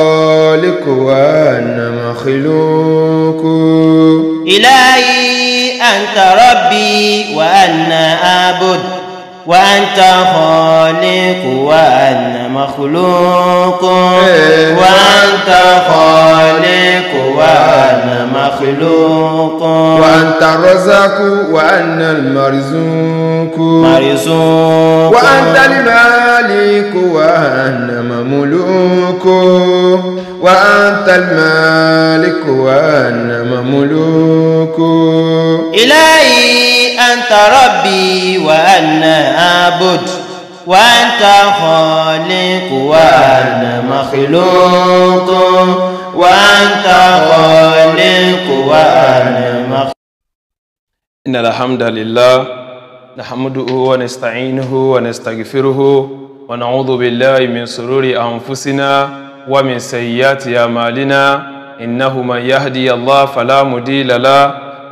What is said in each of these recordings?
خالق وأنا مخلوق إلهي أنت ربي وأنا أعبد وأنت خالق وأنا مخلوق إيه. وأنت خالق وأنا مخلوق وأنت الرزاق وأنا المرزوق مرزوق وأنت المالك وأنا مملوك وأنت المالك وأنا مملوك إلهي أنت ربي وأنا أعبد وأنت خالق وأنا مخلوق وأنت خالق وأنا مخلوق إن الحمد لله نحمده ونستعينه ونستغفره ونعوذ بالله من سرور أنفسنا ومن سيئات أعمالنا إنه من يهدي الله فلا مضل له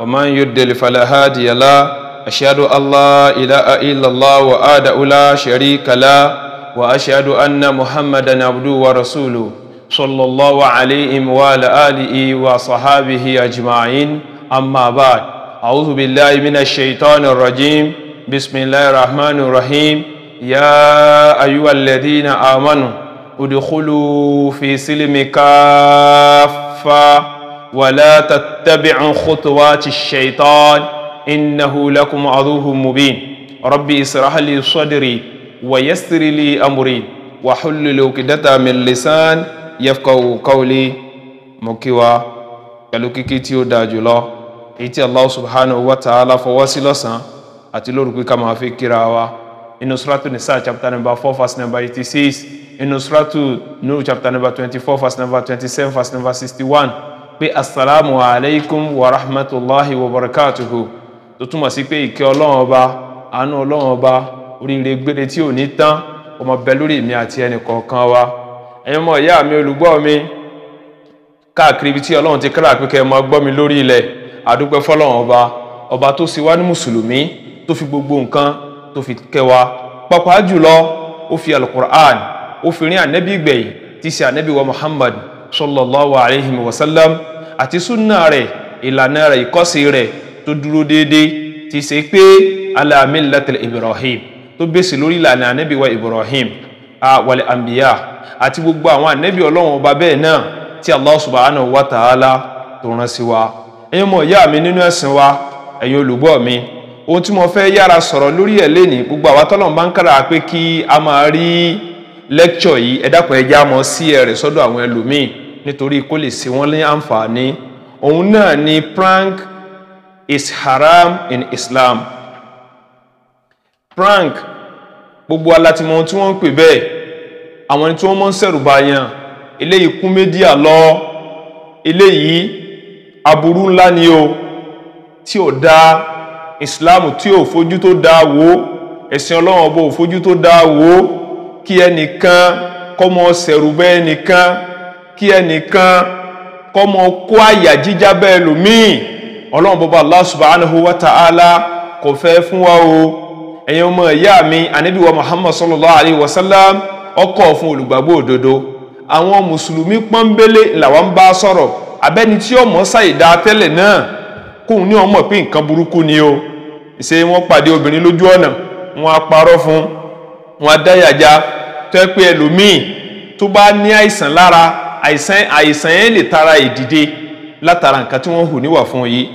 ومن يضلل فلا هادي له أشهد أن لا إله إلا الله وآده لا شريك لا وأشهد أن محمد عبده ورسوله صلى الله عليه وعلى آله وصحابه أجمعين أما بعد أعوذ بالله من الشيطان الرجيم بسم الله الرحمن الرحيم يا أيها الذين آمنوا ادخلوا في سلم كافة ولا تتبعوا خطوات الشيطان إنه لكم عدو مبين ربي اسرح لي صدري ويسر لي أمري وحلل عقدة من لسان يفقه قولي مكيوا pẹ̀lú kíkí tí ó dáa jùlọ èyí tí allah subhanahu wa ta'ala fọwọ́ sí lọ́sàn-án àti lóru pé ká máa fi kíra wa inú suratu nisa chapter number four verse number eighty-six inú suratu nur chapter number twenty-four verse number twenty-seven verse number sixty-one pé asalaamu alaykum wa rahmatulahi wa barakatuhu tó túmọ̀ sí pé ìkẹ́ ọlọ́run ọba àánú ọlọ́run ọba oríire gbére tí ò ní tán ọmọ bẹ lórí mi àti ẹnì kọ̀ọ̀kan wa ẹ̀yin ọmọ ìyá mi olùgbọ́ mi káàkiri ibi tí ọlọ́run ti kára pé kẹ́ ẹ máa gbọ́ mi lórí ilẹ̀ àdúpẹ́ fọlọ́run ọba ọba tó sì wá ní mùsùlùmí tó fi gbogbo nǹkan tó fi kẹ́ wa pàápàá jùlọ ó fi alukur'an ó fi rin ànẹ́bí ìgbẹ̀yìn tí ṣe ànẹ́bí wa muhammad sallallahu alayhi wa sallam àti sunna rẹ̀ ìlànà rẹ̀ ìkọ́sí rẹ̀ tó dúró déédéé ti ṣe pé ala millatil ibrahim tó bẹ̀sẹ̀ lórí ìlànà ànábì wa ibrahim wal anbiya àti gbogbo àwọn ànábì ọlọ́run ọba bẹ́ẹ̀ náà tí allah subhanahu wa ta'ala tó rán sí wa ẹ̀yin ọmọ ìyá mi nínú ẹ̀sìn wa ẹ̀yin olùgbọ́ mi ohun tí mo fẹ́ yára sọ̀rọ̀ lórí ẹ̀ lénìí gbogbo àwa tọ́lọ̀ bá ń kára pé kí a máa rí lẹ́kṣọ̀ yìí ẹ ẹja mọ́ sí ẹ sọ́dọ̀ àwọn ẹlòmíì nítorí kó lè ṣe wọ́n ní àǹfààní òun náà ni prank is haram in Islam prank gbogbo alátimọ̀ tí wọ́n ń pè bẹ́ẹ̀ àwọn ẹni tí wọ́n mọ́ ń sẹ̀rù báyàn eléyìí kún médíà lọ eléyìí aburú ńlá ni o tí ò dá Islam tí ò fojú tó dá wò ẹ̀sìn Ọlọ́run ọba ò fojú tó dá wò kí ẹnìkan kọ́mọ sẹ̀rù bẹ́ẹ̀ nìkan kí ẹnìkan kọ́mọ kó àyà jíjá bẹ́ẹ̀ lòmíì ọlọ́run bọba Allah subhanahu wa ta'ala kò fẹ́ fún wa o ẹ̀yin ọmọ ìyá mi ànábì wa Muhammad sallallahu alayhi wa sallam ọkọ̀ fún olùgbàgbọ́ òdodo àwọn mùsùlùmí pọ́nbélé làwa ń bá sọ̀rọ̀ abẹ́ni tí ọmọ ṣàìdá tẹ́lẹ̀ náà kóun ní ọmọ pé nǹkan burúkú ni o ìṣe wọn pàdé obìnrin lójú ọ̀nà wọn á parọ́ fún wọn á dáyàjá tó ẹ pé ẹlòmíì tó bá ní àìsàn lára àìsàn yẹn lè tara ìdìde látara nǹkan tí wọ́n hù níwà fún yìí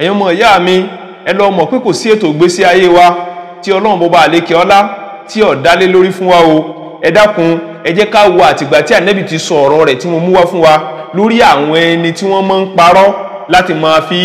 ẹ̀yin ọmọ ìyá mi ẹ lọ mọ̀ pé kò sí ètò ìgbésí ayé wa tí ọlọ́run bọba àlékè ọlá tí ò lórí fún wa o ẹ dákun ẹ jẹ́ ká wo àtìgbà tí ànẹ́bì ti sọ ọ̀rọ̀ rẹ̀ tí mo mú wá fún wa lórí àwọn ẹni tí wọ́n máa ń parọ́ láti máa fi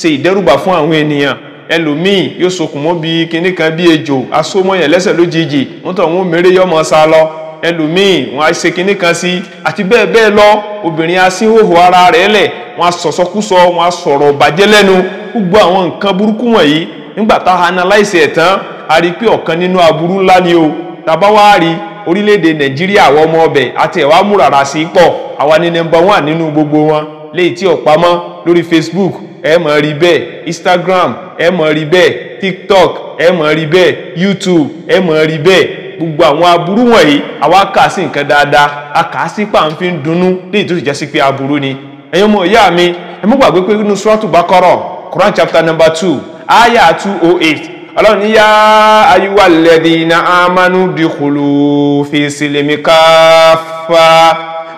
ṣe ìdẹ́rùbà fún àwọn ènìyàn ẹlòmíì yóò sokùn mọ́ bí kinní kan bí ejò asómọ́yàn lẹ́sẹ̀ lójijì wọ́n tọ̀ wọ́n mèrè yọmọ sá lọ ẹlòmíì wọ́n á ṣe kinní kan sí àti bẹ́ẹ̀ bẹ́ẹ̀ lọ obìnrin asínhòhò ara rẹ̀ lẹ̀ wọn asọ̀sọ́kúsọ wọ́n asọ̀rọ̀ bàjẹ́ lẹ́nu gbogbo àwọn nǹkan burúkú wọ̀nyí nígbà tá a analyze ẹ̀ tán a rí i pé ọ̀kan nínú aburú ńlá ni o tàbá wá rí orílẹ̀-èdè nàìjíríà àwọn ọmọ ọbẹ̀ àti ẹ̀wà múrara sí i pọ̀ àwa ni nọmba wà nínú gbogbo wọn léyìí tí ọ̀pamọ́ lórí Facebook ẹ mọ̀ rí bẹ́ẹ̀ Instagram ẹ mọ̀ rí bẹ́ẹ̀ TikTok ẹ mọ̀ rí bẹ́ẹ̀ YouTube ẹ mọ̀ rí bẹ́ẹ̀ gbogbo àwọn aburú wọ̀nyí àwa kà sí nǹkan dáadáa a kà á sí pà ń fi ń dunnú léyìí tó sì jẹ́ sí pé aburú ni ẹ̀yin ọmọ ìyá mi ẹ mú gbàgbé pé nínú suratul Baqara Quran chapter number two aya two oh eight ọlọ́run ní yá ayúwà lẹ́dínà amánú dìkùlù fi sílẹ̀mí káfà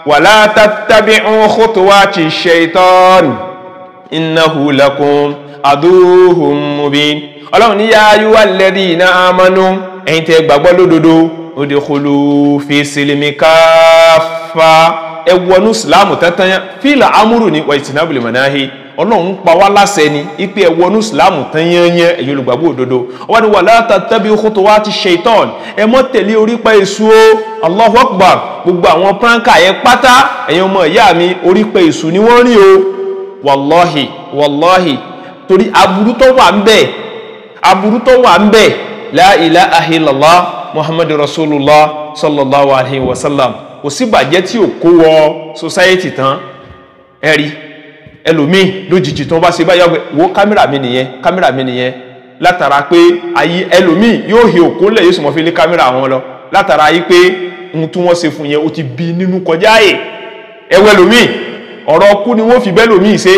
wà látàtàbí ń kótó wá ti ṣe ìtọ́nù innahu lakum adúhùn mubin ọlọ́run ní yá ayúwà lẹ́dínà amánú ẹ̀yin tẹ́ gbàgbọ́ lódodo udkhulu fi silmi káfà ẹ wọnú ìsìláàmù tẹ́tẹ́ yẹn fílà amúrù ní wa ìtìnábìlì mọ̀náhì ọlọ́run pa wá láṣẹ ni ipe ẹ̀wọ́nú ìsìláàmù tán yẹnyẹn ẹ̀yin olùgbàgbọ́ òdodo wọ́n ní wala tattabi'u khutuwati shaitan ẹ mọ́ tẹ̀lé orípa èṣù o Allahu akbar gbogbo àwọn pranka yẹn pátá ẹ̀yin ọmọ ìyá mi orípa èṣù ni wọ́n rí o wallahi wallahi torí aburú tó wà ń bẹ aburú tó wà ń bẹ la ilaha illallah muhammadu rasulullah sallallahu alayhi wa sallam kò sí bàjẹ́ tí ò kó wọ society tán ẹ̀rí ẹlòmíì lójijì tó bá ṣe báyọ̀ pé wo kámẹ́rà mi nìyẹn kámẹ́rà mi nìyẹn látara pé ayé ẹlòmíì yóò hi òkú lẹ̀ yóò sì mọ̀ fi lé kámẹ́rà wọn lọ látara yìí pé ohun tí wọ́n ṣe fún yẹn ó ti bí nínú kọjá àyè ẹwẹ́ lòmíì ọ̀rọ̀ ọkú ni wọ́n fi bẹ́ lòmíì ṣe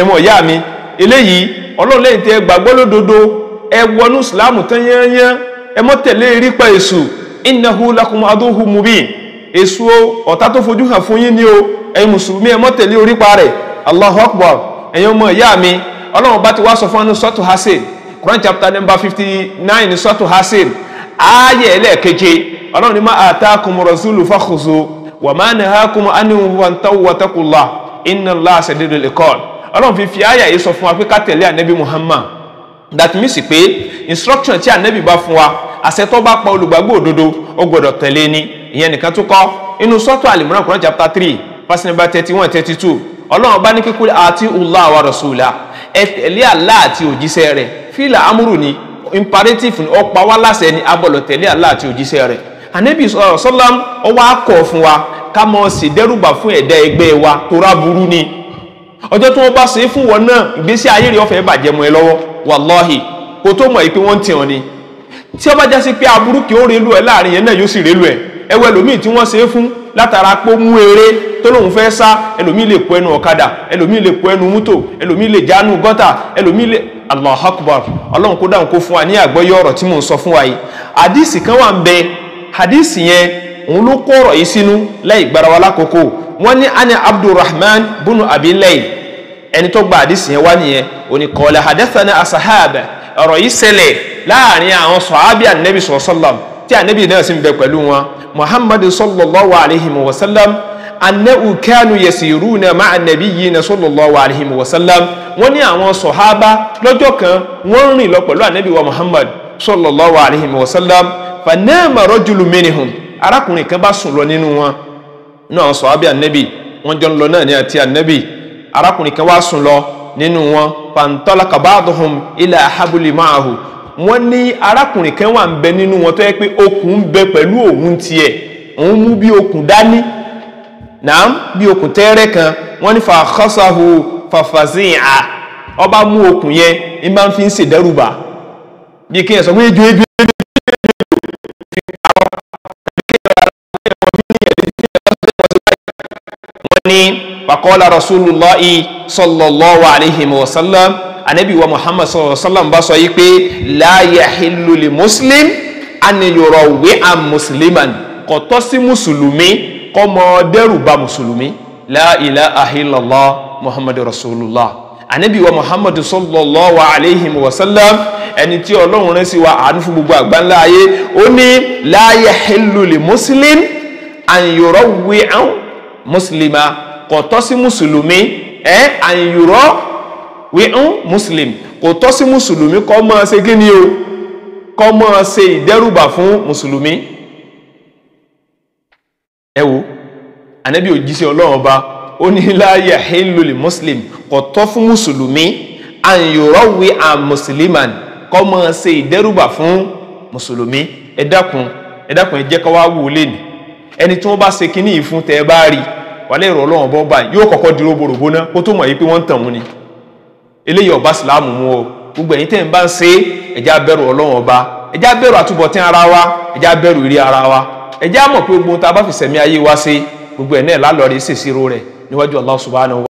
ẹ̀mọ̀ ìyá mi eléyìí ọlọ́run lẹ́yìn gbàgbọ́ lódodo ẹ wọnú islam tán yányán ẹ mọ́ tẹ̀lé rípa èṣù innahu lakum adóhu mubin èṣù ọ̀tá tó fojú hàn fún yín ni o ẹ̀yin mùsùlùmí ẹ mọ́ tẹ̀lé orípa rẹ̀ allahu akbar ẹ̀yin ọmọ ìyá mi ọlọ́run bá ti wá sọ fún ọ́nù sọ́tù hasid quran chapter number fifty nine sọ́tù hasid ààyè ẹlẹ́ẹ̀keje ọlọ́run ní ma atakum rasulu fakhuzu wa ma nahakum anhu wantahu wattaqullah inna allaha sadidul iqab ọlọ́run fi fi ààyè yìí sọ fún wa pé ká tẹ̀lé ànábì muhammad that means pé instruction tí anabi bá fún wa àṣẹ tó bá pa olùgbàgbọ́ òdodo ó gbọ́dọ̀ tẹ̀lé ni ìyẹn nìkan tó kọ́ inú sọ́tọ̀ Al-Imran chapter three verse number thirty one thirty two ọlọ́run bá ní kíkúrẹ́ àti Allah wa rasula ẹ tẹ̀lé Allah àti òjíṣẹ́ rẹ̀ fílà amúrù ni imperative ni ọ̀pá wa láṣẹ ni abọ́lọ̀ tẹ̀lé Allah àti òjíṣẹ́ rẹ̀ anabi sọlám ọwọ́ akọ̀ fún wa ká mọ̀ sí dẹ́rùbà fún ẹ̀dá ẹgbẹ́ wa tó rá burú ni ọjọ́ tí wọ́n bá ṣe é fún wọn náà ìgbésí ayé rẹ̀ ọ̀fẹ́ bàjẹ́ mọ́ ẹ lọ́wọ́ wàláhì kó tó mọ̀ pé wọ́n ń tìhàn ni tí ó bá jásí pé aburú kì ó relu ẹ̀ láàrin yẹn náà yóò sì relu ẹ̀ ẹwẹ́ ẹlòmíì tí wọ́n ṣe é fún látara pé ó mú eré tó lóun fẹ́ sá ẹlòmíì lè po ẹnu ọ̀kadà ẹlòmíì lè po ẹnu mútò ẹlòmíì lè jánu gọ́tà ẹlòmíì lè allah akbar ọlọ́run kó dáhùn kó fún wa ní àgbọ́yé ọ̀rọ̀ tí mò ń sọ fún wa yìí hadisi kan wà ń bẹ hadisi yẹn òun ló kó ọ̀rọ̀ yìí sínú lẹ́yìn gbarawa lákòókò wọ́n ní ani abdulrahman bunu abilayi ẹni tó gba àdìsí yẹn wá nìyẹn òní kọ́lẹ̀ hadathana asahaba ọ̀rọ̀ yìí ṣẹlẹ̀ láàrin àwọn sọ̀hábì ànábì sọ̀sọ́làm tí ànábì náà sì ń bẹ pẹ̀lú wọn muhammadu sallallahu alayhi wa sallam annahu kanu yasiruna ma'a nabiyyina sallallahu alayhi wa sallam wọ́n ní àwọn sọ̀hábà lọ́jọ́ kan wọ́n rìn lọ pẹ̀lú ànábì wa muhammad sallallahu alayhi wa sallam fanama rajulu minhum arákùnrin kan bá sùn lọ nínú wọn náà sọ̀hábì ànábì wọ́n jọ ń lọ náà ní àti ànábì arákùnrin kan wá sùn lọ nínú wọn ila habli ma'ahu wọ́n ní arákùnrin kan wà ń bẹ nínú wọn tó yẹ pé okùn ń bẹ pẹ̀lú òun tiẹ̀ òun mú bí okùn dání bí okùn kan wọ́n ní fa khasahu ọba mú okùn yẹn ń bá ń fi ń bí kí wàkọ́lá rasulullahi sallallahu alayhi wa sallam anabi wa muhammad sallallahu alayhi wa sallam bá sọ yìí pé la yahillu li muslim aniyọrọ wíhà musliman kò tọ́ sí mùsùlùmí kó máa dẹ́rù bà mùsùlùmí la ilaha illallah muhammadu rasulullah anabi wa muhammadu sallallahu alayhi wa sallam ẹni tí ọlọ́run rán sí wa àánú fún gbogbo àgbáńlá ayé ó ní la yahillu muslim aniyọrọ wíhà muslima kò tọ́ sí mùsùlùmí ẹ àyùrọ́ wíhún muslim kò tọ́ sí mùsùlùmí kó máa ṣe kí o kó máa ṣe ìdẹ́rùbà fún mùsùlùmí ẹ wo ànábì òjíṣẹ́ ọlọ́run ọba ó ní láyà hélòlì muslim kò tọ́ fún mùsùlùmí àyùrọ́ wí à mùsùlùmán kó máa ṣe ìdẹ́rùbà fún mùsùlùmí ẹ dákun ẹ dákun ẹ jẹ́ ká wá wò lé ní ẹni tí wọ́n bá ṣe kínní ìfún tẹ́ ẹ bá rí i wàlẹ́ ìrọ̀ ọlọ́run bọ́ báyìí yóò kọ́kọ́ di roborobo náà kó tó mọ̀ yìí pé wọ́n ń tàn mú ni eléyìí ọba sìláàmù mú o gbogbo ẹ̀yin tẹ́ ń bá ń ṣe ẹ jẹ́ á bẹ̀rù ọlọ́run ọba ẹ jẹ́ á bẹ̀rù àtúbọ̀tán ara wa ẹ jẹ́ á bẹ̀rù ìrí ara wa ẹ jẹ́ á mọ̀ pé gbogbo ohun tá a bá fi sẹ̀mí ayé wa ṣe gbogbo ẹ̀ náà lálọ́ọ̀rẹ́ ṣèṣirò rẹ̀ níwájú Allah subhanahu